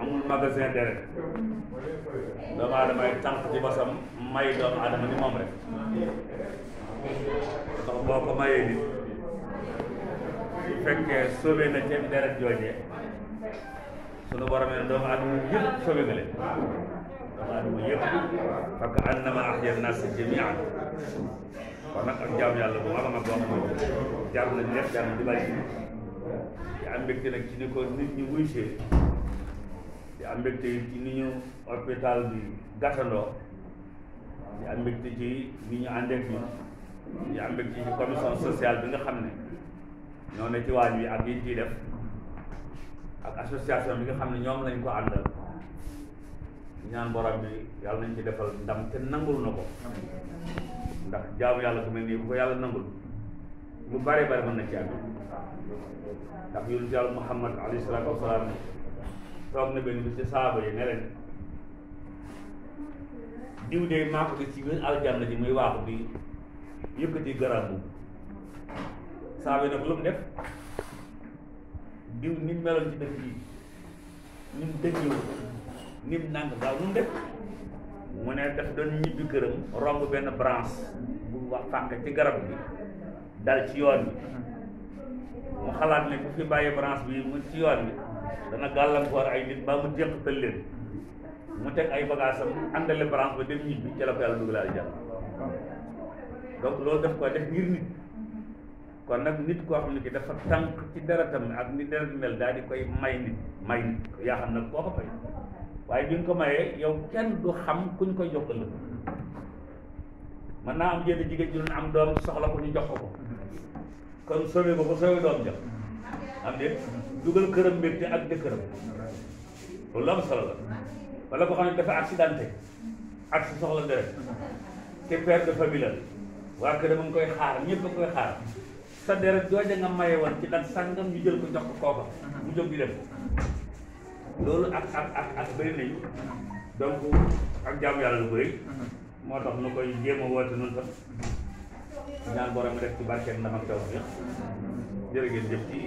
amul magasin deret doomu aadama yi tànk ci basam may doomu aadama ni moom rek boo ko mayee nit bu fekkee sauvé na ci deret joojee sunu borom ne doomu aadama yëpp sauvé nga leen doomu aadama yëpp parce que annama ahya nas jami'an kon nag ak jaam yàlla bu mag a mag boo xam ne jaar na def jaar na di nag ci ni ko nit ñi wuy see ci am mbégte ci ni ñu hôpital bi gàttandoo di am mbégte ci ni ñu àndeek ñun di am ci commission sociale bi nga xam ne ñoo ne ci waaj wi ak yiñ bi nga xam ne ñoom lañ ko àndal ñaan borom bi yàlla nañ ci defal ndam te nangul na ko ndax jaamu yàlla ku mel nii bu ko yàlla nangul lu bare bare mën na ci am ndax yonent yàlla Muhammad alayhi salaatu wasalaam toog na benn bi ci saaba yi ne leen diw de maa ko gis ci biir aljanna ji muy waaxu bi yëkkati garab bu saaba yi nag lu mu def diw ni meloon ci dëkk yi ni mu dëggoo ni mu nàng gaaw lu mu def mu ne daf benn branche bu wax fànq ci garab ci yoon bi mu xalaat ne bu fi bàyyi branche bi mu ci yoon bi dana gàllankoor ay nit mbaa mu jeexital leen mu teg ay bagages am àndale branche ba dem ñibbi ca la ko yàlla dugal aljanna donc loolu def koy def ngir nit kon nag nit koo xam ne ki dafa tànk ci deretam ak ni deret mel daal di koy may nit may nit yaa xam nag koo ko fay waaye bi nga ko mayee yow kenn du xam kuñ koy jox naa am yenn jigéen ju soxla ko ñu jox ko ko kon sauvé ko ba sauvé doom jox am de dugal këram mbégte ak dëkkëram loolu la solo la wala koo xam ne dafa accidenté ak si soxla deret te père de waa këram a koy xaar ñëpp a koy xaar sa deret jooja nga maye woon ci lan sàngam ñu jël ko jox ko kooka mu jóg di dem loolu ak ak ak ak bëri nañu donc ak jaamu yàlla lu bëri moo tax nu koy jéem a woote sax ñaan borom def ci barkeeg ndam ak taw bi jërë ngeen ci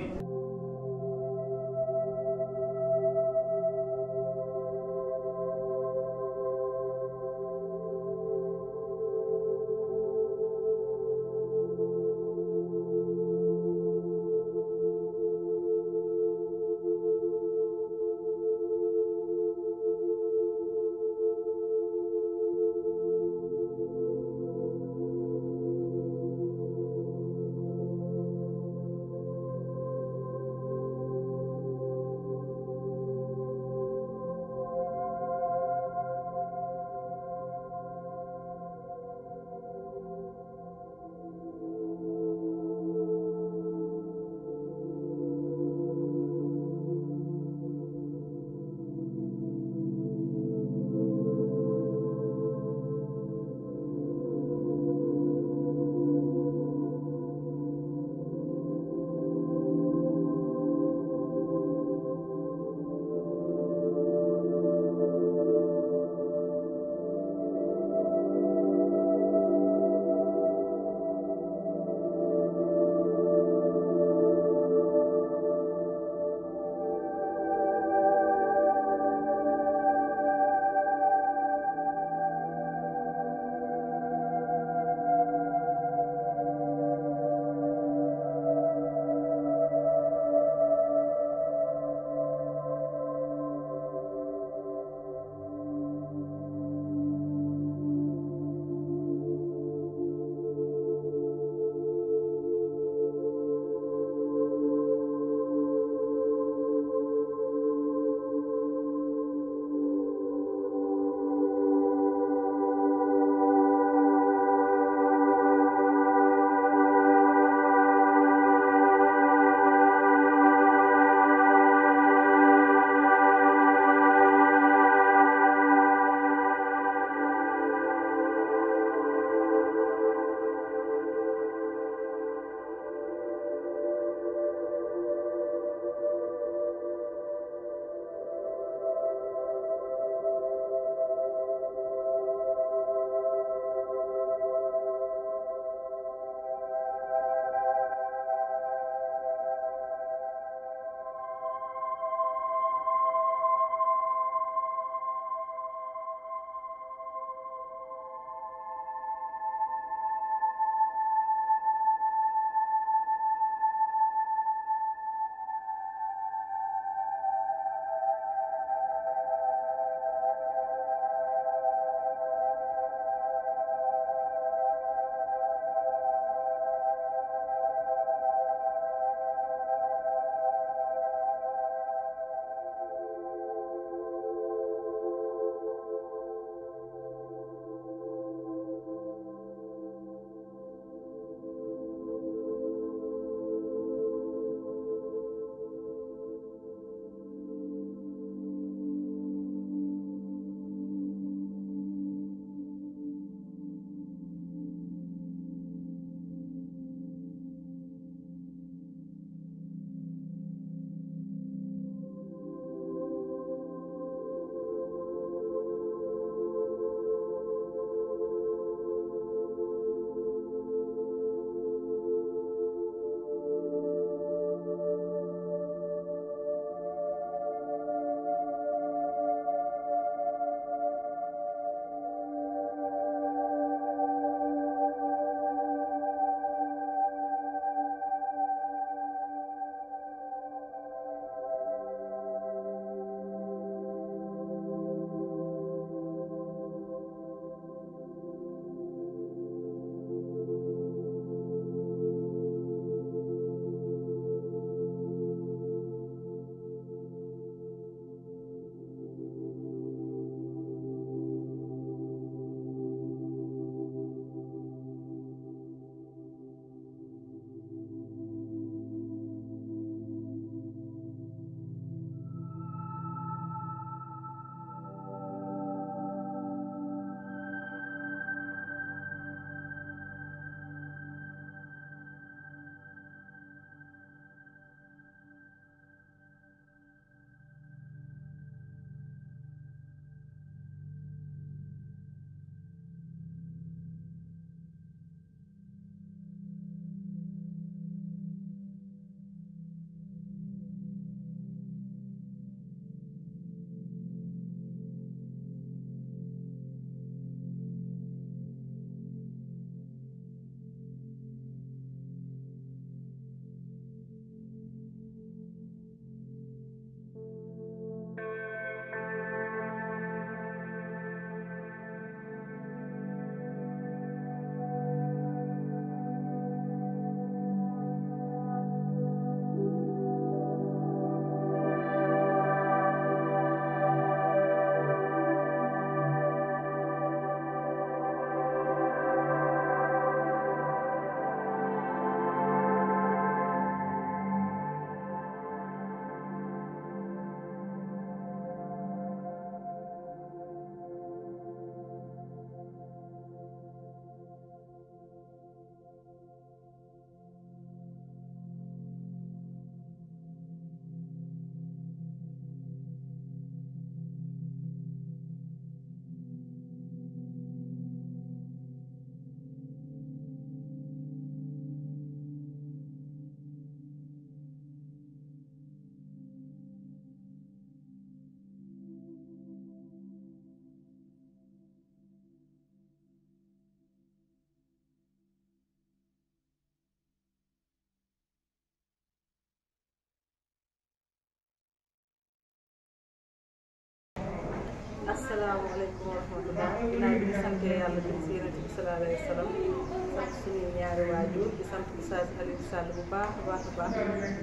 asalaamaaleykum wa rahmatulah ginnaaw bi ñu sante yàlla jëm si yonent bi salaa alayhi sant suñuy ñaari waajur di sant Oustaz Alioune Sall bu baax a baax a baax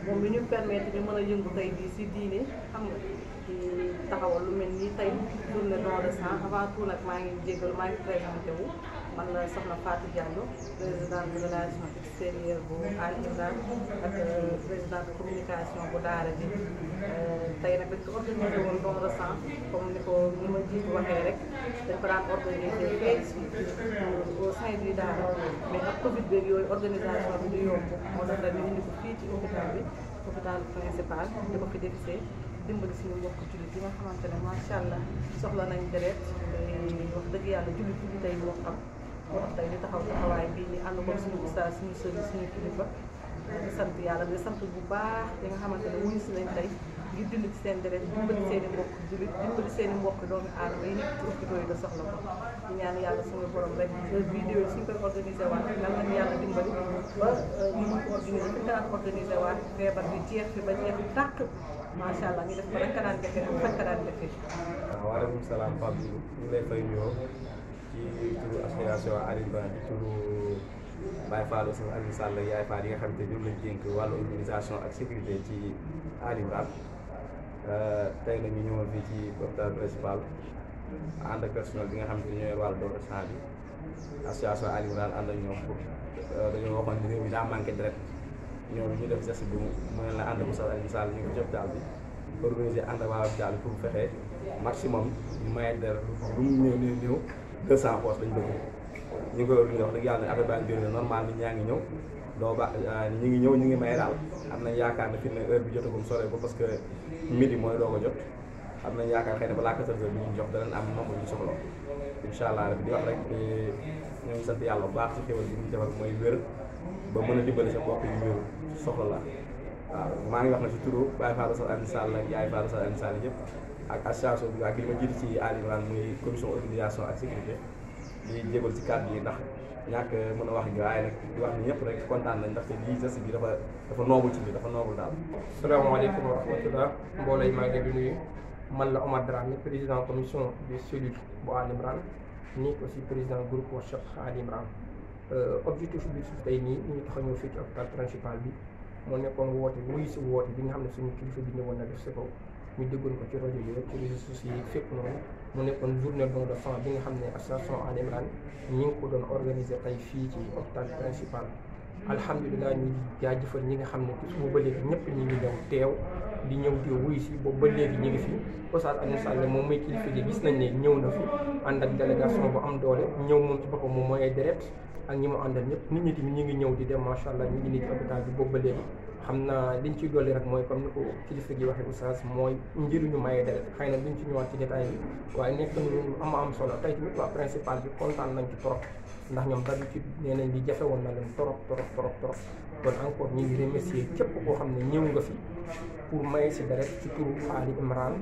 moom mi ñu permettre ñu mën a yëngu tey bii si diine xam nga di taxawal lu mel nii tey journée don de sang avant nag maa ngi jégalu maa ngi présenté wu. man la soxna Fatou Diallo présidente relation extérieure bu Al Imran ak euh, présidente communication bu daara ji euh, nag dañ ko organisé woon don ressent comme ni ko ni ma jiitu waxee rek dañ ko daan organisé feeg si au sein du yooyu organisation bi du yomb moo tax dañu indi ko fii ci hôpital bi hôpital principal di ko fi defisee dimbali suñu mbokk jullit yi nga xamante ne macha allah soxla deret wax dëgg yàlla jullit jullit tey moo xam moo tax tey ñu taxaw taxawaay bii ni ànd ko suñu ustaas suñu sëriñ suñu kilifa di sant yàlla di sant bu baax li nga xamante ne wuyu si nañ tey ngir dund ci seen deret dimbali seen i mbokk jullit dimbali seen i mbokk doomu aadama yi nekk yi da soxla ko ñu ñaan yàlla suñu borom rek vidéo suñu koy organisé waat lan lañ yàlla dimbali ba euh, ñu mën ko organisé fi daan organisé waat feebar bi jeex fi ba jeex tàq macha allah ñu def ko rek ka daan defee ak fañ ka daan defee. ci turu association Alioune Ba ci turu Baye Fallou Sëñ Alioune yaay Fall yi nga xam te ñoom lañ dénk wàllu organisation ak sécurité ci Alioune Ba euh, tey ñu ñëwoon fii ci hôpital bi nga xam te ñooy wàllu doomu sang bi association Alioune Ba ànd ak ñoom pour euh, dañoo waxoon ni réew mi daa manqué deret ñoom ñu def geste bi mu ne la ànd ak Sëñ Alioune Sall ñu ngi ci hôpital bi organiser ànd ak waa hôpital pour fexe maximum ñu maye deret lu mu néew néew néew deux cent postes lañ bëgg ñu ngi koy organisé wax dëgg yàlla ne affaire baa ngi nit ñaa ngi ñëw doo ba euh, ñu ngi ñëw ñu ngi may daal am nañ yaakaar ne fi ne heure bi jotagum sore ko parce que midi mooy doo ko jot am nañ yaakaar xëy na balaa 14 heures bi ñu jox danañ am nombre ñu soxla incha allah rek di wax rek ñoo sa sant yàlla bu baax ci xéwal bi ñu defal mooy wér ba mën a dimbali sa mbokk yu wér soxla la waaw maa ngi wax na si turu Baye Fallou Sall Alioune Sall ak Yaay Fallou Sall Alioune yëpp ak association bi ak li ma jiitu ci Alimane muy commission organisation ak sécurité di jégal ci kàddu yi ndax ñàkk mën a wax ak waaye nag di wax ni ñëpp rek kontaan nañ ndaxte lii geste bi dafa dafa noobul ci bi dafa noobul salaamaaleykum wa rahmatulah mbooloo maa ngi leen di nuyu man la Omar Dramé président commission de cellule bu Alimane nii aussi président groupe workshop Alimane euh, objectif bi suuf tey nii ñu tax fii ci hôpital principal bi moo nekkoon woote wuyu si woote bi nga xam ne suñu kilifa bi ñëwoon na def si kaw. ñu déggoon ko ci rajo yi ci réseaux sociaux yi fépp noonu mu nekkoon journée don de sang bi nga xam ne association Al Imran ñu ngi ko doon organisé tey fii ci hôpital principal alhamdulilah ñu jaajëfal ñi nga xam ne suba ba léegi ñëpp ñu ngi di ñëw di boobu ba léegi ñu ngi fi Oustaz Alioune Sall moom mooy kilifa gi gis nañ ne ñëw na fi ànd ak délégation bu am doole ñëw moom ci boppam moom mooy ay deret ak ñi mu àndal ñëpp nit ñi tamit ñu ngi ñëw di dem macha allah ñu ngi xam naa liñ ciy dolli rek mooy comme ni ko kilifa gi wax waxee oustaz mooy njëriñu maye deret xëy na duñ ci ñëwaat ci détail bi waaye nekk nañu am am solo tey tamit waa principal bi kontaan nañ ci trop ndax ñoom d'habitude ci nañ li jafe woon na leen trop trop trop trop kon encore ñu ngi remercier képp koo xam ne ñëw nga fi pour maye si deret ci turu Ali Imran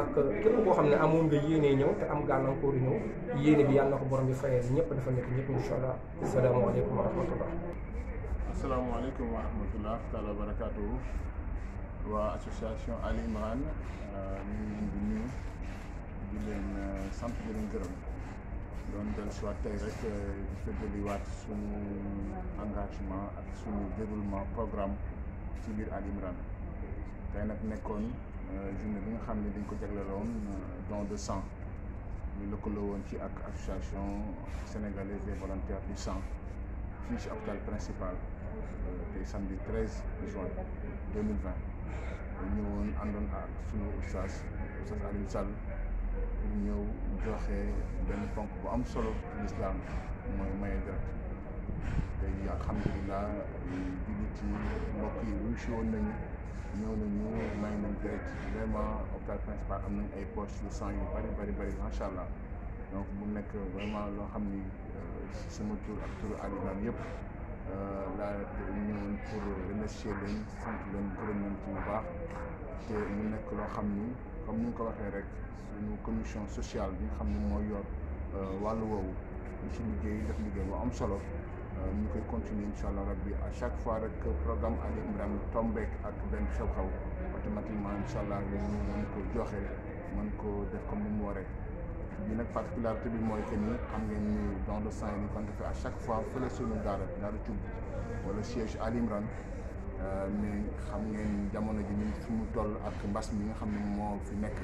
ak képp koo xam ne amoon nga yéenee ñëw te am gàllankoor ñëw yéene bi yàlla na ko borom bi fayee ñëpp dafa nekk ñëpp incha allah asalaamaaleykum wa rahmatullah asalaamaaleykum wa rahmatulah taala association Ali Imran euh, ñu di nuyu euh, sant di leen gërëm doon del soit tey rek euh, di fëddaliwaat suñu engagement ak suñu déroulement programme ci biir Ali Imran tey nag nekkoon journée bi nga xam ne dañ ko jagleloon don de sang ñu lëkkaloo woon ci ak association sénégalaise des volontaires du sang fii ci principal Euh, tey samedi 13 juin 2020 ñu ñëwoon àndoon ak sunu oustaz oustaz Alioune Sall pour joxe benn ponk bu am solo ci lislaam mooy maye deret tey alhamdulilah jullit yi mbokk yi wuyu si woon nañu ñëw nañu may nañ deret vraiment hôpital principal am nañ ay poches de sang yu bari bari bari macha allah donc mu nekk vraiment loo xam ni euh, sama tur ak turu Alioune yëpp. Euh, laa ñëwoon pour remercier leen sant leen gërëm leen ci baax te mu nekk loo xam ni comme ni nga ko waxee rek suñu commission sociale bi nga xam ni mooy yor euh, wàllu woowu ñu ci liggéey def liggéey bu am solo euh, ñu koy continuer incha allah bi à chaque fois rek programme Ali Imran tombeek ak benn xew-xew automatiquement incha allah ñu mën ko joxe mën ko def comme ni mu waree. bi nag particularité bi mooy que ni xam ngeen ni don de sang yi kon à chaque fois fële suñu daara daara cub wala siège Alimran mais euh, xam ngeen jamono ji ñun fi mu toll ak mbas mi nga xam ne moo fi nekk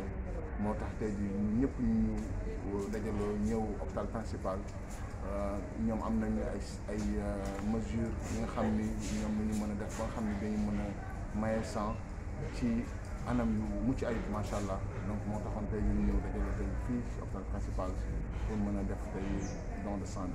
moo tax tey ji ñëpp ñu dajaloo ñëw hôpital principal euh, ñoom am nañu ay ay euh, mesures yi nga xam ni ñoom la ñu mën a def foo xam ni dañu mën a maye sang ci anam yu mucc ayib macha allah donc moo taxoon tey ñu ñëw dajale tey fii ci hôpital principal pour mën a def tey don de sang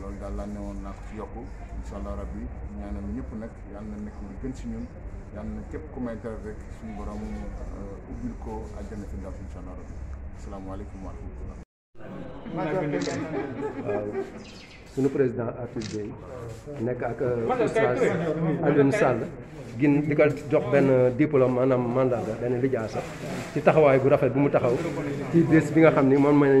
loolu daal laa ne woon naa ko ci yokku incha allah rabbi ñaanal ñëpp nag yàlla na nekk lu gën si ñun yàlla na képp ku may tere rek suñu borom euh, ubbil ko àjjana fi ndaw incha allah rabbi asalaamaaleykum wa rahmatullah. suñu président Atou Dieye nekk ak euh, oustaz Alioune Sall gin di ko jox benn diplôme maanaam mandat benn lijaasa ci taxawaay bu rafet bu mu taxaw ci bés bi nga xam ni moom mooy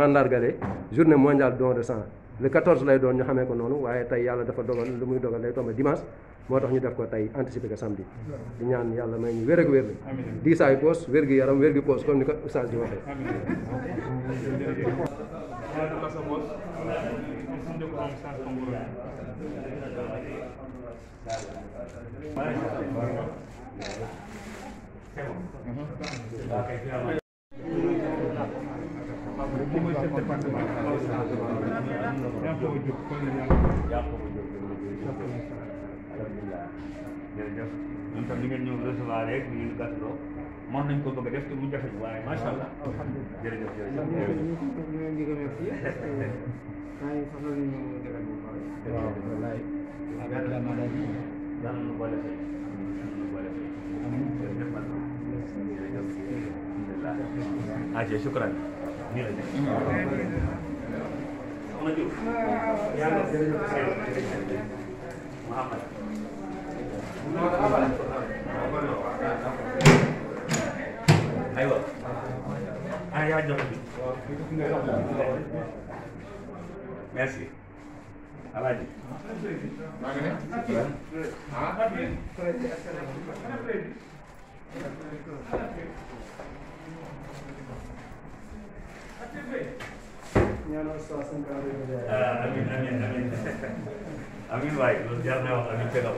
mandargale journée mondiale don de sang le 14 lay doon ñu xamee ko noonu waaye tey yàlla dafa dogal lu muy dogal lay tombe dimanche moo tax ñu def ko tey anticipé ko samedi di ñaan yàlla may ñu wér ak wér diisaayu poos wér gi yaram wér gi poos comme ni ko oustaz di waxee yàlla defal sa bopp ñu suñu dëkk moom sans concours kii mooy chef département Yankhoba Diop kon la Yankhoba Diop jërëjëf ñun tam ni ngeen ñëw recevoir rek ñu ngi gàttandoo mën nañ ko bëgg a def te mu jafe waaye macha allah alhamdulilah jërëjëf jërëjëf waaw ah, waaw waaw nga joxe bi merci alaaji amin amin amin amiin waay loolu jar na wax amiin fegal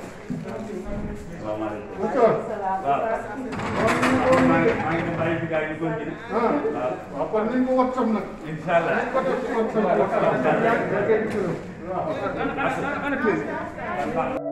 salaamaaleykum waaw maa ngi maa ngi dem bàyyi fi gars yi continué waaw kon ni ko wattam nag incha allah ko def wattam waaw ana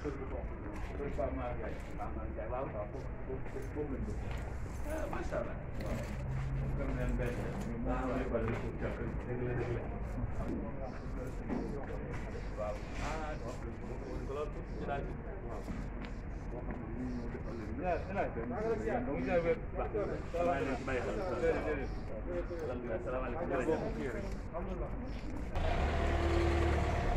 waaw maa ngi lay waaw waaw foofu foofu foofu lañ bëgg ah macha allah waaw. kon nag benn benn waaw waaw waaw dëgg la dëgg la. waaw ah wax dëgg loolu ci laaj bi waaw. boo xam ne ñun ñoo defal leen. ñu laaj laaj benn benn donc ñu jaay baax na maa ngi leen di bàyyi xel. salaamaaleykum jërëjëf.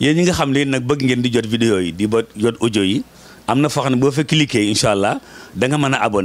yéen ñi nga xam ne nag bëgg ngeen di jot vidéo yi di ba jot audio yi am na foo xam ne boo fa cliquer incha allah danga nga mën a abonné